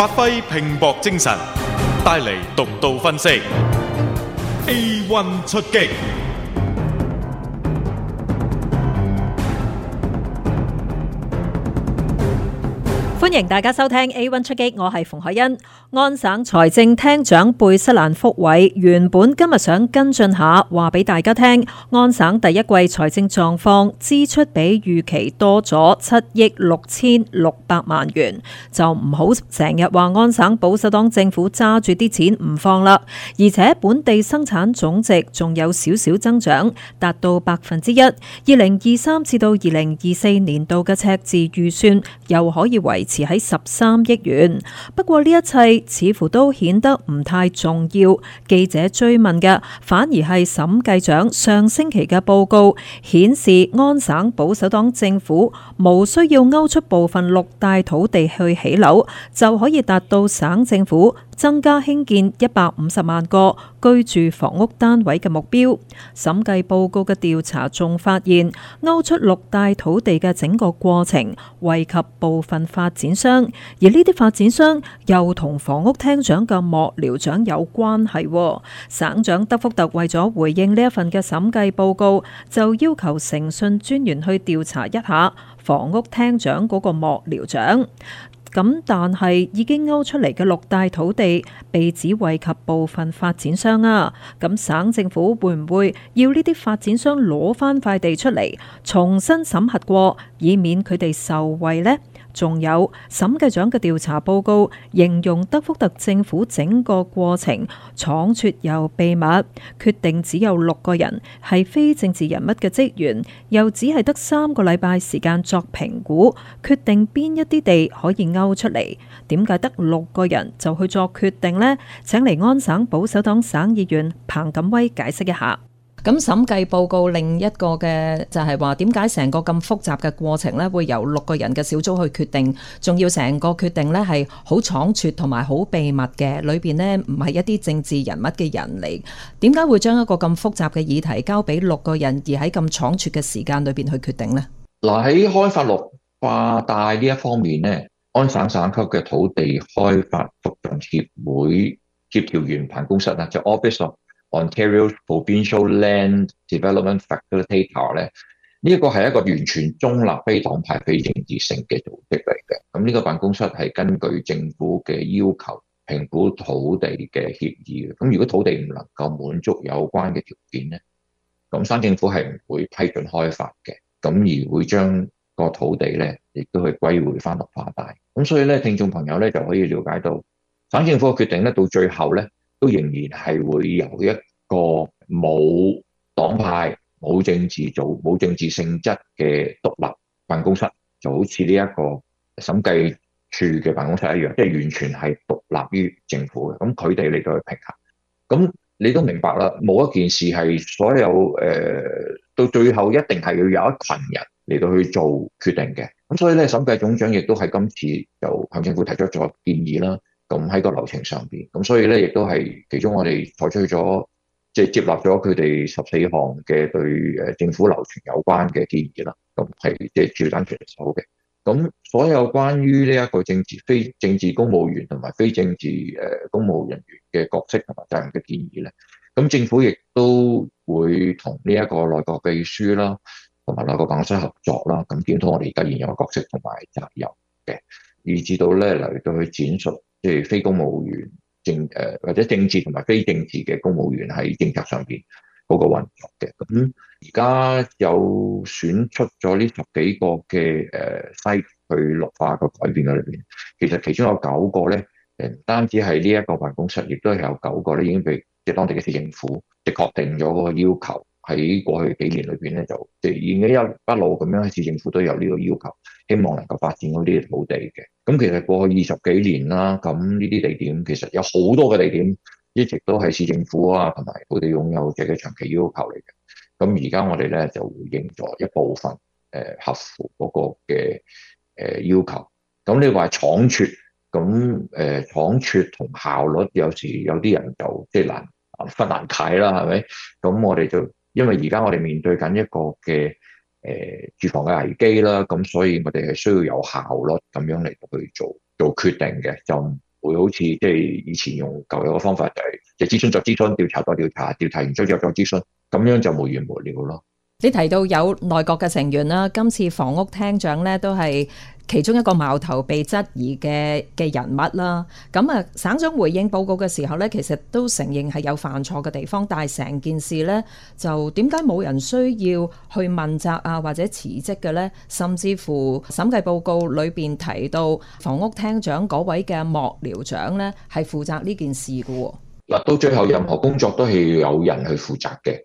發揮拼搏精神，帶嚟獨到分析。A1 出擊，歡迎大家收聽 A1 出擊，我係馮凱欣。安省財政廳長貝斯蘭福偉原本今日想跟進下，話俾大家聽，安省第一季財政狀況支出比預期多咗七億六千六百萬元，就唔好成日話安省保守黨政府揸住啲錢唔放啦。而且本地生產總值仲有少少增長，達到百分之一。二零二三至到二零二四年度嘅赤字預算又可以維持喺十三億元。不過呢一切似乎都顯得唔太重要。記者追問嘅，反而係審計長上星期嘅報告顯示，安省保守黨政府無需要勾出部分綠帶土地去起樓，就可以達到省政府。增加興建一百五十萬個居住房屋單位嘅目標。審計報告嘅調查仲發現，勾出六大土地嘅整個過程，惠及部分發展商，而呢啲發展商又同房屋廳長嘅幕僚長有關係。省長德福特為咗回應呢一份嘅審計報告，就要求誠信專員去調查一下房屋廳長嗰個幕僚長。咁但係已經勾出嚟嘅六大土地，被指惠及部分發展商啊！咁省政府會唔會要呢啲發展商攞翻塊地出嚟重新審核過，以免佢哋受惠呢？仲有審計長嘅調查報告形容德福特政府整個過程倉促又秘密，決定只有六個人係非政治人物嘅職員，又只係得三個禮拜時間作評估，決定邊一啲地可以勾出嚟。點解得六個人就去作決定呢？請嚟安省保守黨省議員彭錦威解釋一下。咁審計報告另一個嘅就係話，點解成個咁複雜嘅過程咧，會由六個人嘅小組去決定，仲要成個決定咧係好倉促同埋好秘密嘅，裏面咧唔係一啲政治人物嘅人嚟，點解會將一個咁複雜嘅議題交俾六個人，而喺咁倉促嘅時間裏面去決定呢？嗱，喺開發綠化帶呢一方面呢，安省省級嘅土地開發促進協會協調員辦公室啦，就是、official Ontario Provincial Land Development Facilitator 咧，呢一個係一個完全中立非黨派、非政治性嘅組織嚟嘅。咁呢個辦公室係根據政府嘅要求評估土地嘅協議嘅。咁如果土地唔能夠滿足有關嘅條件咧，咁省政府係唔會批准開發嘅。咁而會將個土地咧亦都去歸回翻綠化帶。咁所以咧，聽眾朋友咧就可以了解到，省政府嘅決定咧到最後咧。都仍然係會有一個冇黨派、冇政治組、冇政治性質嘅獨立辦公室，就好似呢一個審計處嘅辦公室一樣，即、就、係、是、完全係獨立於政府嘅。咁佢哋嚟到去評核，咁你都明白啦，冇一件事係所有誒、呃、到最後一定係要有一群人嚟到去做決定嘅。咁所以咧，審計總長亦都係今次就向政府提出咗建議啦。咁喺個流程上邊，咁所以咧，亦都係其中我哋採取咗，即係接納咗佢哋十四項嘅對誒政府流程有關嘅建議啦。咁係即係駐港全手嘅。咁所有關於呢一個政治非政治公務員同埋非政治誒公務人員嘅角色同埋責任嘅建議咧，咁政府亦都會同呢一個內閣秘書啦，同埋內閣辦公室合作啦。咁檢討我哋而家現有嘅角色同埋責任嘅，以至到咧嚟到去展述。即係非公務員政誒或者政治同埋非政治嘅公務員喺政策上邊嗰個運作嘅。咁而家有選出咗呢十幾個嘅誒西去綠化個改變嘅裏邊，其實其中有九個咧誒，唔單止係呢一個辦公室，亦都係有九個咧已經被即係當地嘅市政府即係確定咗嗰個要求。喺過去幾年裏邊咧就即係已經一一路咁樣，市政府都有呢個要求，希望能夠發展嗰啲土地嘅。咁其實過去二十幾年啦，咁呢啲地點其實有好多嘅地點一直都係市政府啊，同埋佢哋擁有者嘅長期要求嚟嘅。咁而家我哋咧就回應咗一部分，誒、呃、合乎嗰個嘅誒、呃、要求。咁你話倉促，咁誒、呃、倉促同效率，有時有啲人就即係、就是、難分 難解啦，係咪？咁我哋就因為而家我哋面對緊一個嘅。誒、呃，住房嘅危機啦，咁所以我哋係需要有效率咁樣嚟，去做做決定嘅，就唔會好似即係以前用舊有嘅方法就諮詢、諮詢，就係就諮詢再諮詢，調查再調查，調查完之後再再諮詢，咁樣就無完無了咯。你提到有內閣嘅成員啦，今次房屋廳長咧都係其中一個矛頭被質疑嘅嘅人物啦。咁、嗯、啊，省長回應報告嘅時候咧，其實都承認係有犯錯嘅地方，但係成件事咧就點解冇人需要去問責啊或者辭職嘅咧？甚至乎審計報告裏邊提到房屋廳長嗰位嘅幕僚長咧係負責呢件事嘅。嗱，到最後任何工作都係要有人去負責嘅。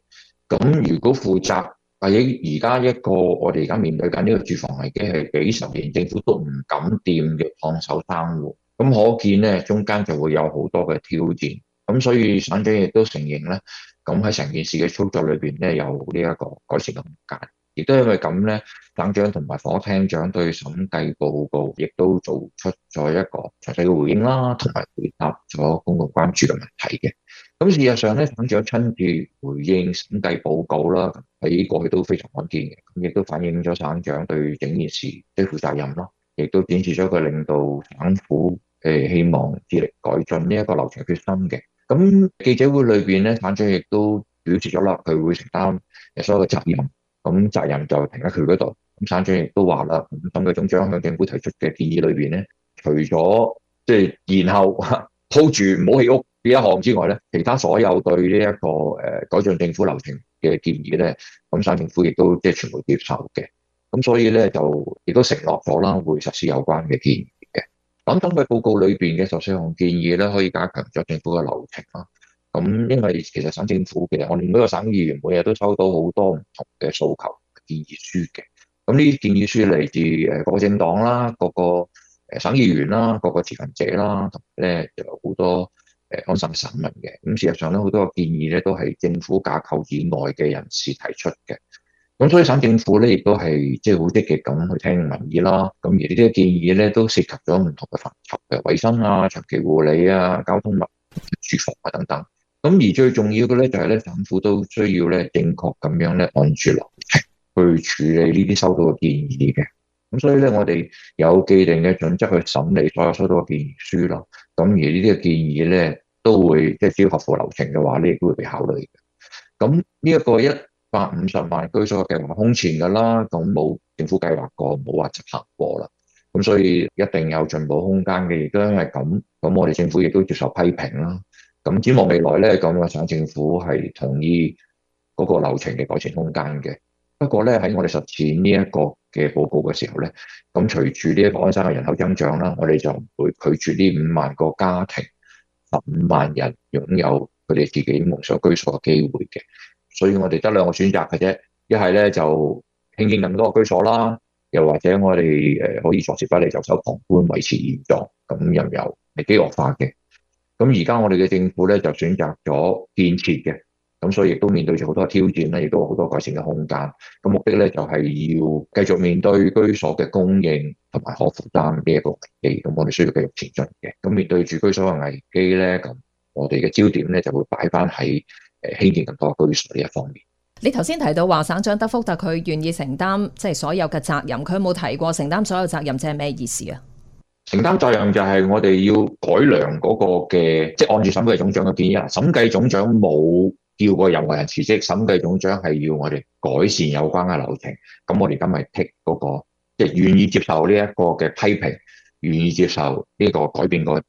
咁如果負責，或者而家一個我哋而家面對緊呢個住房危機係幾十年政府都唔敢掂嘅燙手山芋，咁可見咧中間就會有好多嘅挑戰，咁所以省長亦都承認咧，咁喺成件事嘅操作裏邊咧有呢一個改善嘅空間，亦都因為咁咧，省長同埋房屋廳長對審計報告亦都做出咗一個詳細嘅回應啦，同埋回答咗公共關注嘅問題嘅。咁事實上咧，省長親自回應審計報告啦，喺過去都非常罕見嘅，亦都反映咗省長對整件事的負責任咯，亦都展示咗佢領導省府誒希望致力改進呢一個流程決心嘅。咁記者會裏邊咧，省長亦都表示咗啦，佢會承擔所有嘅責任，咁責任就停喺佢嗰度。咁省長亦都話啦，審計總長向政府提出嘅建議裏邊咧，除咗即係然後鋪 住唔好起屋。呢一項之外咧，其他所有對呢一個誒改善政府流程嘅建議咧，咁省政府亦都即係全部接受嘅。咁所以咧就亦都承諾咗啦，會實施有關嘅建議嘅。咁根據報告裏邊嘅十四項建議咧，可以加強咗政府嘅流程咯。咁因為其實省政府其實我哋每個省議員每日都收到好多唔同嘅訴求建議書嘅。咁呢啲建議書嚟自誒各個政黨啦、各個誒省議員啦、各個持份者啦，同咧就有好多。誒，安心審問嘅咁，事實上咧，好多建議咧都係政府架構以外嘅人士提出嘅。咁所以省政府咧，亦都係即係好積極咁去聽民意啦。咁而呢啲建議咧，都涉及咗唔同嘅範疇嘅衛生啊、長期護理啊、交通物、住房啊等等。咁而最重要嘅咧，就係咧，政府都需要咧正確咁樣咧按住落去處理呢啲收到嘅建議嘅。所以咧，我哋有既定嘅準則去審理所有收到嘅建議書咯。咁而呢啲嘅建議咧，都會即係只要合乎流程嘅話，呢亦都會被考慮嘅。咁呢一個一百五十萬居所嘅計劃空前噶啦，咁冇政府計劃過，冇話執行過啦。咁所以一定有進步空間嘅。亦都因為咁。咁我哋政府亦都接受批評啦。咁展望未來咧，咁啊省政府係同意嗰個流程嘅改善空間嘅。不過咧，喺我哋實踐呢一個嘅報告嘅時候咧，咁隨住呢一個安省嘅人口增長啦，我哋就唔會拒絕呢五萬個家庭、十五萬人擁有佢哋自己夢想居所嘅機會嘅。所以，我哋得兩個選擇嘅啫，一係咧就興建咁多居所啦，又或者我哋誒可以坐視不理、袖手旁觀、維持現狀，咁又有係危機惡化嘅。咁而家我哋嘅政府咧就選擇咗建設嘅。咁所以亦都面對住好多挑戰咧，亦都好多改善嘅空間。咁目的咧就係要繼續面對居所嘅供應同埋可負擔嘅一個危機。咁我哋需要繼續前進嘅。咁面對住居所嘅危機咧，咁我哋嘅焦點咧就會擺翻喺誒興建更多居所呢一方面。你頭先提到話省長德福特佢願意承擔即係所有嘅責任，佢冇提過承擔所有責任，即係咩意思啊？承擔責任就係我哋要改良嗰個嘅，即係按住審計總長嘅建議啦。審計總長冇叫個任何人辭職，審計總長係要我哋改善有關嘅流程。咁我哋今日剔嗰個，即、就、係、是、願意接受呢一個嘅批評，願意接受呢個改變個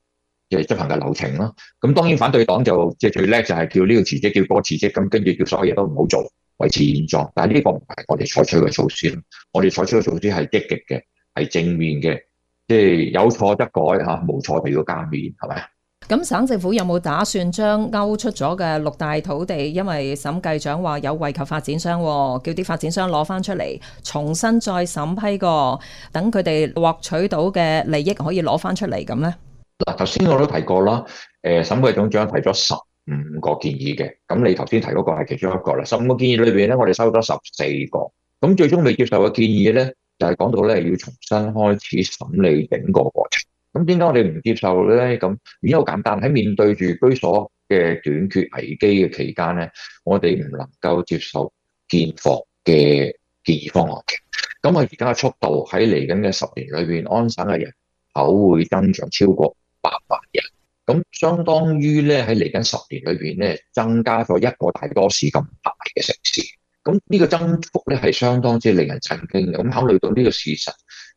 即係執行嘅流程咯。咁當然，反對黨就即係、就是、最叻就係叫呢個辭職，叫嗰個辭職，咁跟住叫所有嘢都唔好做，維持現狀。但係呢個唔係我哋採取嘅措施，我哋採取嘅措施係積極嘅，係正面嘅，即、就、係、是、有錯則改嚇，冇錯就要加冕，係咪？咁省政府有冇打算將勾出咗嘅六大土地，因為審計長話有惠及發展商、哦，叫啲發展商攞翻出嚟，重新再審批過，等佢哋獲取到嘅利益可以攞翻出嚟咁呢，嗱，頭先我都提過啦，誒審計總長提咗十五個建議嘅，咁你頭先提嗰個係其中一個啦。十五個建議裏邊咧，我哋收咗十四個，咁最終未接受嘅建議咧，就係、是、講到咧要重新開始審理整個過,過程。咁點解我哋唔接受咧？咁原因好簡單，喺面對住居所嘅短缺危機嘅期間咧，我哋唔能夠接受建房嘅建議方案嘅。咁我而家嘅速度喺嚟緊嘅十年裏邊，安省嘅人口會增長超過百萬人，咁相當於咧喺嚟緊十年裏邊咧，增加咗一個大多市咁大嘅城市。咁、這、呢個增幅咧係相當之令人震驚嘅。咁考慮到呢個事實。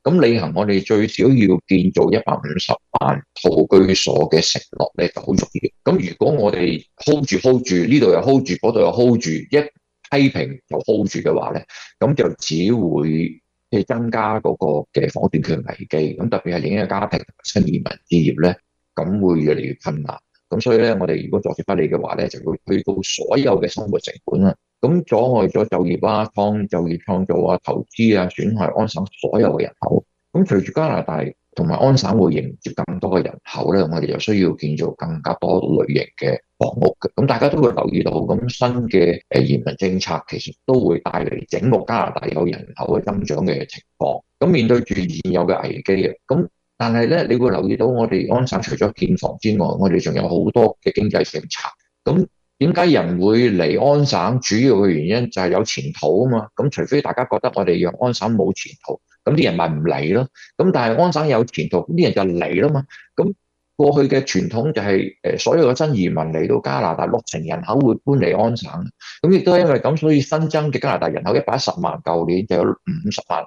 咁履行，我哋最少要建造一百五十萬套居所嘅承諾咧，就好重要。咁如果我哋 hold 住、hold 住呢度又 hold 住，嗰度又 hold 住，一批評就 hold 住嘅話咧，咁就只會即係增加嗰個嘅房短缺危機。咁特別係年輕嘅家庭、新移民置業咧，咁會越嚟越困難。咁所以咧，我哋如果坐視不理嘅話咧，就會推高所有嘅生活成本啊！咁阻礙咗就業啊，創就業創造啊，投資啊，損害安省所有嘅人口。咁隨住加拿大同埋安省會迎接更多嘅人口咧，我哋就需要建造更加多類型嘅房屋嘅。咁大家都會留意到，咁新嘅誒移民政策其實都會帶嚟整個加拿大有人口嘅增長嘅情況。咁面對住現有嘅危機嘅，咁但係咧，你會留意到我哋安省除咗建房之外，我哋仲有好多嘅經濟政策。咁點解人會嚟安省？主要嘅原因就係有前途啊嘛！咁除非大家覺得我哋入安省冇前途，咁啲人咪唔嚟咯。咁但係安省有前途，啲人就嚟啦嘛。咁過去嘅傳統就係誒，所有嘅新移民嚟到加拿大，六成人口會搬嚟安省。咁亦都係因為咁，所以新增嘅加拿大人口一百一十萬，舊年就有五十萬。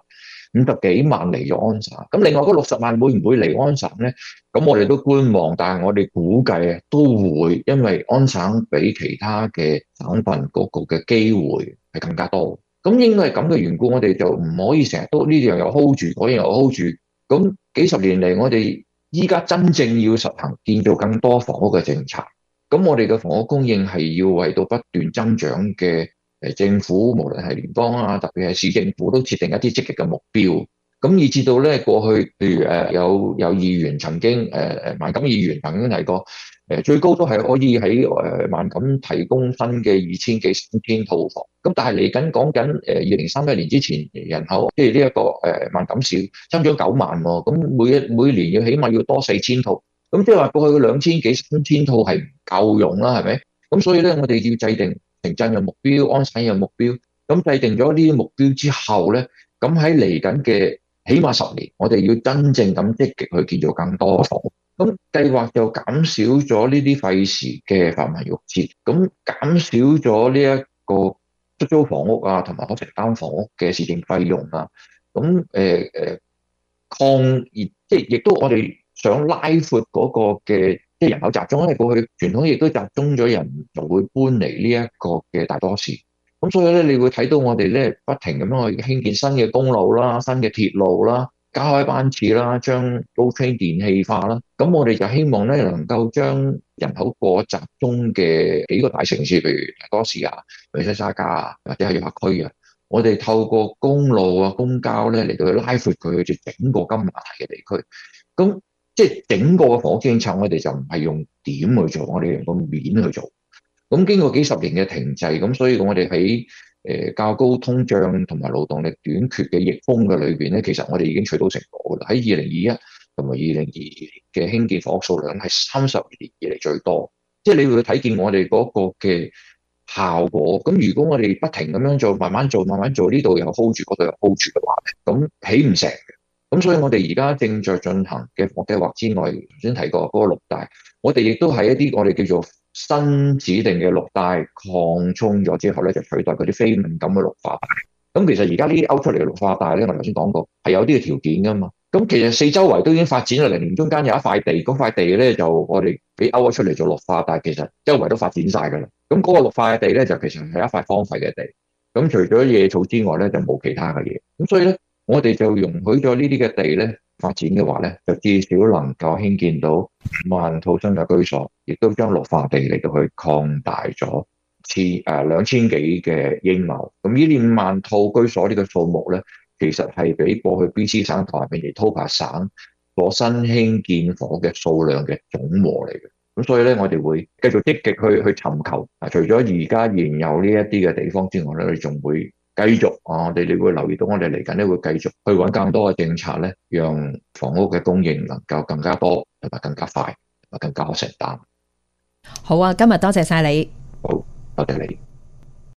五十幾萬嚟咗安省，咁另外嗰六十萬會唔會嚟安省咧？咁我哋都觀望，但係我哋估計啊都會，因為安省比其他嘅省份嗰個嘅機會係更加多。咁應該係咁嘅緣故，我哋就唔可以成日都呢樣又 hold 住，嗰樣又 hold 住。咁幾十年嚟，我哋依家真正要實行建造更多房屋嘅政策，咁我哋嘅房屋供應係要為到不斷增長嘅。誒政府無論係聯邦啊，特別係市政府都設定一啲積極嘅目標，咁以至到咧過去，譬如誒有有議員曾經誒誒萬錦議員曾經提過誒最高都係可以喺誒萬錦提供新嘅二千幾三千套房，咁但係嚟緊講緊誒二零三一年之前人口，即係呢一個誒萬錦市，增長九萬喎，咁每一每年要起碼要多四千套，咁即係話過去嘅兩千幾三千套係唔夠用啦，係咪？咁所以咧，我哋要制定。城鎮嘅目標、安省嘅目標，咁制定咗呢啲目標之後咧，咁喺嚟緊嘅，起碼十年，我哋要真正咁積極去建造更多房屋。咁計劃就減少咗呢啲費事嘅繁文縟節，咁減少咗呢一個出租房屋啊，同埋可承擔房屋嘅市政費用啊，咁誒誒，抗熱即係亦都我哋想拉闊嗰個嘅。即係人口集中，因為過去傳統亦都集中咗人，就會搬嚟呢一個嘅大多市。咁所以咧，你會睇到我哋咧不停咁樣去興建新嘅公路啦、新嘅鐵路啦、加開班次啦、將 GO Train 電氣化啦。咁我哋就希望咧能夠將人口過集中嘅幾個大城市，譬如大多市啊、密西沙加啊或者係越發區啊，我哋透過公路啊、公交咧嚟到去拉闊佢住整個金馬蹄嘅地區。咁即係整個嘅房屋政策，我哋就唔係用點去做，我哋用個面去做。咁經過幾十年嘅停滯，咁所以我哋喺誒較高通脹同埋勞動力短缺嘅逆風嘅裏邊咧，其實我哋已經取到成果噶啦。喺二零二一同埋二零二二嘅興建房屋數量係三十年以嚟最多，即係你會睇見我哋嗰個嘅效果。咁如果我哋不停咁樣做，慢慢做，慢慢做，呢度又 hold 住，嗰度又 hold 住嘅話咧，咁起唔成。咁所以，我哋而家正在進行嘅計劃之外，頭先提過嗰個綠帶。我哋亦都喺一啲我哋叫做新指定嘅綠帶擴充咗之後咧，就取代嗰啲非敏感嘅綠化帶。咁其實而家呢啲勾出嚟嘅綠化帶咧，我頭先講過係有啲嘅條件噶嘛。咁其實四周圍都已經發展咗嚟，中間有一塊地，嗰塊地咧就我哋俾勾咗出嚟做綠化帶。其實周圍都發展晒噶啦。咁嗰個綠化嘅地咧，就其實係一塊荒廢嘅地。咁除咗野草之外咧，就冇其他嘅嘢。咁所以咧。我哋就容許咗呢啲嘅地咧發展嘅話咧，就至少能夠興建到五萬套新嘅居所，亦都將綠化地嚟到去擴大咗，千誒兩千幾嘅英畝。咁呢啲五萬套居所呢個數目咧，其實係比過去 B.C 省同埋譬如 Toupa 省攞新興建房嘅數量嘅總和嚟嘅。咁所以咧，我哋會繼續積極去去尋求。啊，除咗而家現有呢一啲嘅地方之外咧，你仲會。繼續啊！我哋你會留意到，我哋嚟緊咧會繼續去揾更多嘅政策咧，讓房屋嘅供應能夠更加多，同埋更加快，同埋更加可承擔。好啊！今日多謝晒你。好，多謝你。